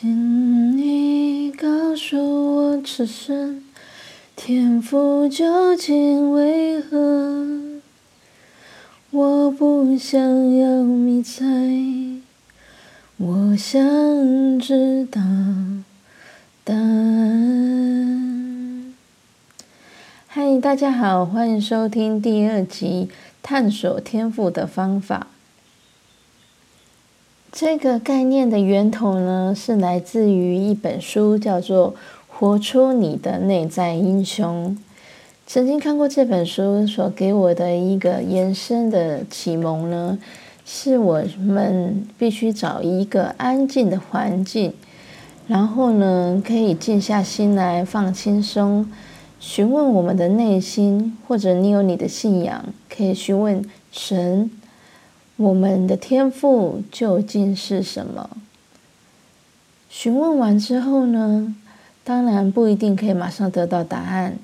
請你告訴我，此生天賦究竟為何？我不想要迷彩，我想知道答案。嗨，大家好，歡迎收聽第二集《探索天賦的方法》。這個概念的源頭呢，是來自於一本書，叫做《活出你的內在英雄》。曾經看過這本書，所給我的一個延伸的啟蒙呢，是我們必須找一個安靜的環境，然後呢，可以靜下心來，放輕鬆，詢問我們的內心，或者你有你的信仰，可以詢問神。我們的天賦究竟是什麼？詢問完之後呢，當然不一定可以馬上得到答案。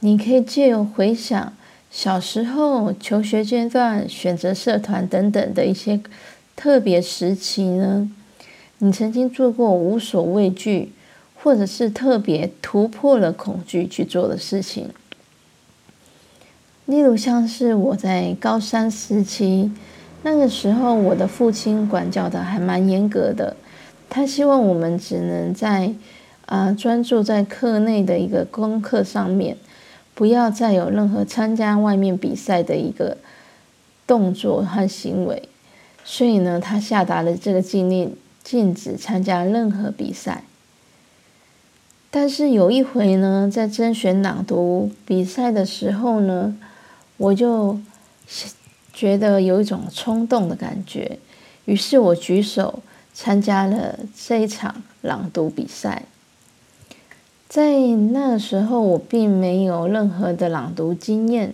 你可以借由回想小時候、求學階段、選擇社團等等的一些特別時期呢，你曾經做過無所畏懼，或者是特別突破了恐懼去做的事情。例如像是我在高三時期。那個時候，我的父親管教的還蠻嚴格的，他希望我們只能在啊、呃、專注在課內的一個功課上面，不要再有任何參加外面比賽的一個動作和行為。所以呢，他下達了這個禁令，禁止參加任何比賽。但是有一回呢，在甄選朗讀比賽的時候呢，我就。覺得有一種衝動的感覺，於是我舉手參加了這一場朗讀比賽。在那個時候，我並沒有任何的朗讀經驗。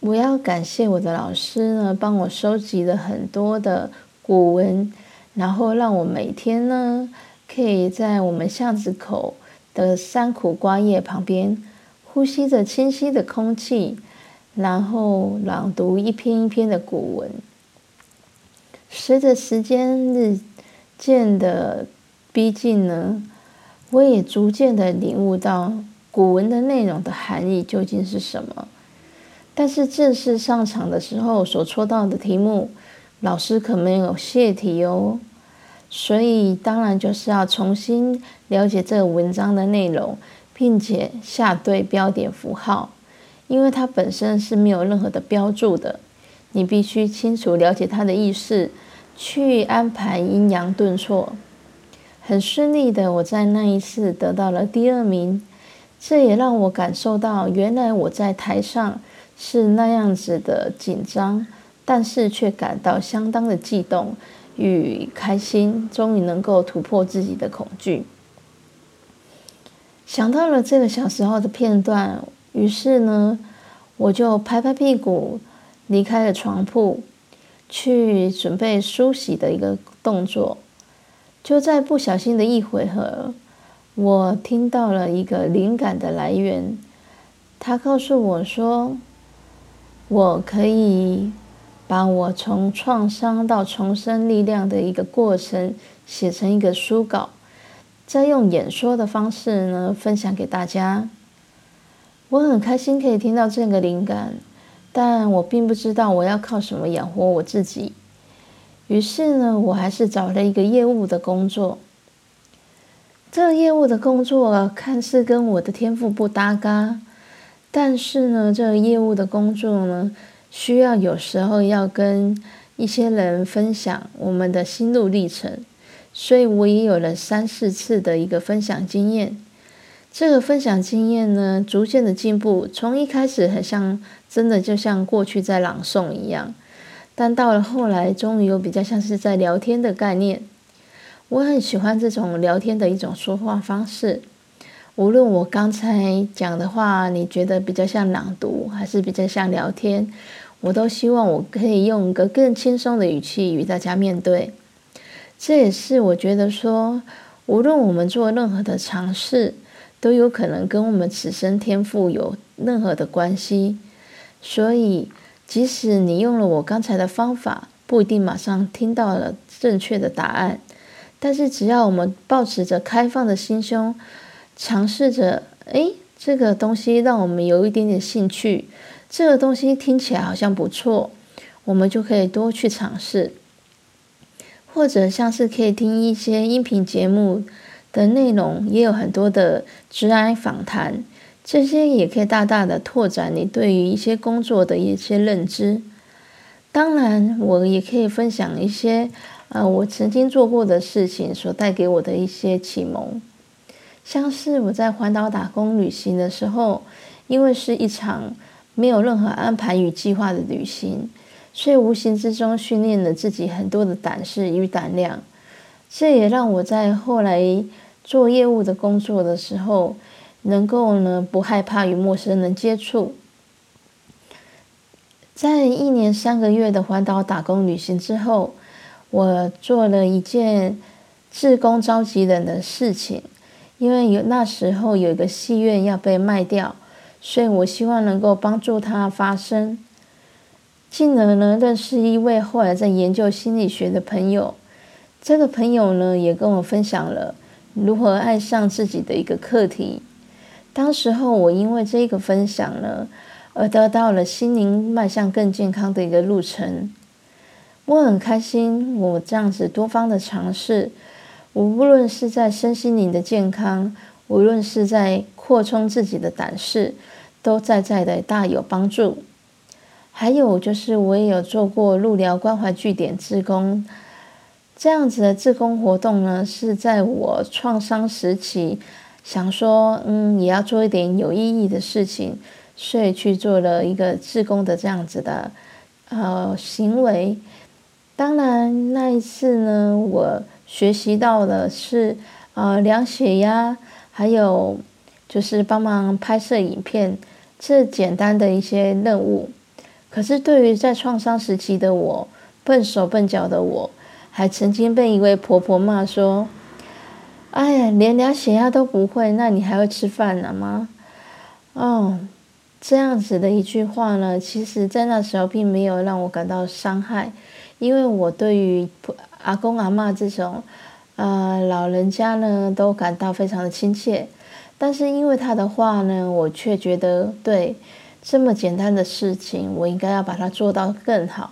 我要感謝我的老師呢，幫我收集了很多的古文，然後讓我每天呢，可以在我們巷子口的山苦瓜葉旁邊，呼吸着清新的空氣。然後朗讀一篇一篇的古文，隨着時間日漸的逼近呢，我也逐漸的領悟到古文的內容的含義究竟是什麼。但是正式上場的時候所抽到的題目，老師可沒有洩題哦，所以當然就是要重新了解這個文章的內容，並且下對標點符號。因為它本身是沒有任何的標註的，你必須清楚了解它的意思，去安排抑揚頓挫。很順利的，我在那一次得到了第二名，這也讓我感受到，原來我在台上是那樣子的緊張，但是卻感到相當的激動與開心，終於能夠突破自己的恐懼。想到了這個小時候的片段。於是呢，我就拍拍屁股離開了床鋪，去準備梳洗的一個動作。就在不小心的一回合，我聽到了一個靈感的來源。他告訴我說：“我可以把我從創傷到重生力量的一個過程寫成一個書稿，再用演說的方式呢，分享給大家。”我很開心可以聽到這個靈感，但我並不知道我要靠什麼養活我自己。於是呢，我還是找了一個業務的工作。這個業務的工作啊，看似跟我的天賦不搭嘎，但是呢，這個業務的工作呢，需要有時候要跟一些人分享我們的心路歷程，所以我也有了三四次的一個分享經驗。這個分享經驗呢，逐漸的進步，從一開始很像真的就像過去在朗誦一樣，但到了後來，終於有比較像是在聊天的概念。我很喜歡這種聊天的一種說話方式。無論我剛才講的話，你覺得比較像朗讀，還是比較像聊天，我都希望我可以用一個更輕鬆的語氣與大家面對。這也是我覺得說，無論我們做任何的嘗試，都有可能跟我們此生天賦有任何的關係，所以即使你用了我剛才的方法，不一定馬上聽到了正確的答案。但是只要我們保持着開放的心胸，嘗試着，誒，這個東西讓我們有一點點興趣，這個東西聽起來好像不錯，我們就可以多去嘗試，或者像是可以聽一些音頻節目。的內容也有很多的直涯訪談，這些也可以大大的拓展你對於一些工作的一些認知。當然，我也可以分享一些，呃，我曾經做過的事情所帶給我的一些啟蒙。像是我在環島打工旅行的時候，因為是一場沒有任何安排與計劃的旅行，所以無形之中訓練了自己很多的膽識與膽量。這也讓我在後來做業務的工作的時候，能夠呢不害怕與陌生人接觸。在一年三個月的環島打工旅行之後，我做了一件志工召集人的事情，因為有那時候有一個戲院要被賣掉，所以我希望能夠幫助他發聲。進而呢，認識一位後來在研究心理學的朋友。這個朋友呢，也跟我分享了如何愛上自己的一個課題。當時候，我因為這個分享呢，而得到了心靈邁向更健康的一個路程。我很開心，我這樣子多方的嘗試，無論是在身心靈的健康，無論是在擴充自己的膽識，都在在的大有幫助。還有就是，我也有做過路聊關懷據點志工。這樣子的志工活動呢，是在我創傷時期，想說，嗯，也要做一點有意義的事情，所以去做了一個志工的這樣子的，呃，行為。當然，那一次呢，我學習到了是，呃，量血壓，還有就是幫忙拍攝影片，這簡單的一些任務。可是，對於在創傷時期的我，笨手笨腳的我。還曾經被一位婆婆罵說：“哎呀，連量血壓都不會，那你還會吃飯了、啊、嗎？”哦，這樣子的一句話呢，其實在那時候並沒有讓我感到傷害，因為我對於阿公阿嬤這種啊、呃、老人家呢，都感到非常的親切。但是因為他的話呢，我卻覺得，對這麼簡單的事情，我應該要把它做到更好。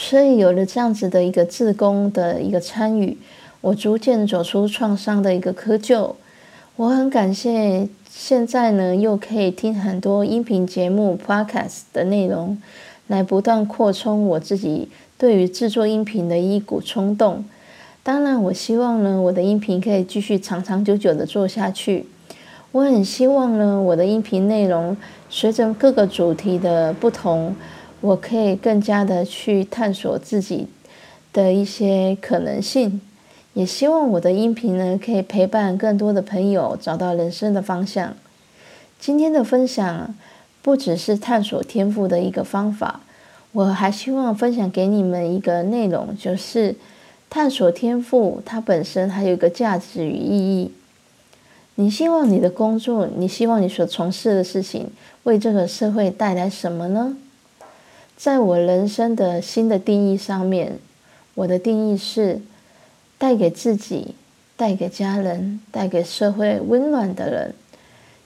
所以有了這樣子的一個志工的一個參與，我逐漸走出創傷的一個窠臼。我很感謝，現在呢又可以聽很多音頻節目、podcast 的內容，來不斷擴充我自己對於制作音頻的一股衝動。當然，我希望呢我的音頻可以繼續長長久久的做下去。我很希望呢我的音頻內容隨着各個主題的不同。我可以更加的去探索自己的一些可能性，也希望我的音頻呢可以陪伴更多的朋友找到人生的方向。今天的分享不只是探索天賦的一個方法，我還希望分享給你們一個內容，就是探索天賦它本身還有一個價值與意義。你希望你的工作，你希望你所從事的事情，為這個社會帶來什麼呢？在我人生的新的定義上面，我的定義是帶給自己、帶給家人、帶給社會溫暖的人。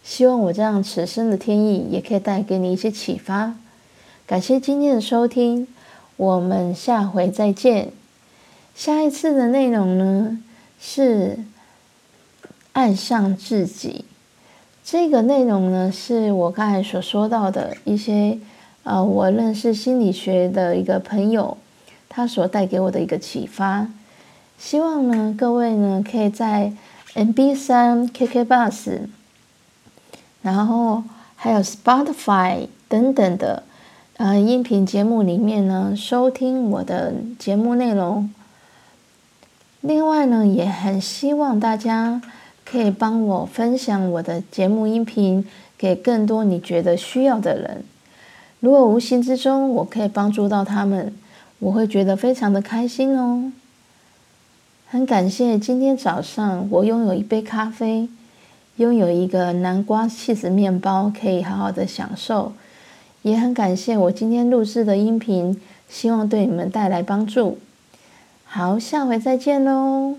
希望我這樣此生的天意，也可以帶給你一些啟發。感謝今天的收聽，我們下回再見。下一次的內容呢，是愛上自己。這個內容呢，是我剛才所說到的一些。呃，我認識心理學的一個朋友，他所帶給我的一個啟發。希望呢，各位呢可以在 N B 三 KKBox，然後還有 Spotify 等等的，呃，音頻節目裡面呢收聽我的節目內容。另外呢，也很希望大家可以幫我分享我的節目音頻給更多你覺得需要的人。如果無形之中我可以幫助到他們，我會覺得非常的開心哦。很感謝今天早上我擁有一杯咖啡，擁有一個南瓜起司麵包可以好好的享受，也很感謝我今天錄制的音頻，希望對你們帶來幫助。好，下回再見嘍。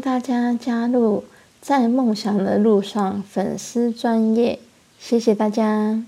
大家加入在夢想的路上，粉絲專頁，謝謝大家。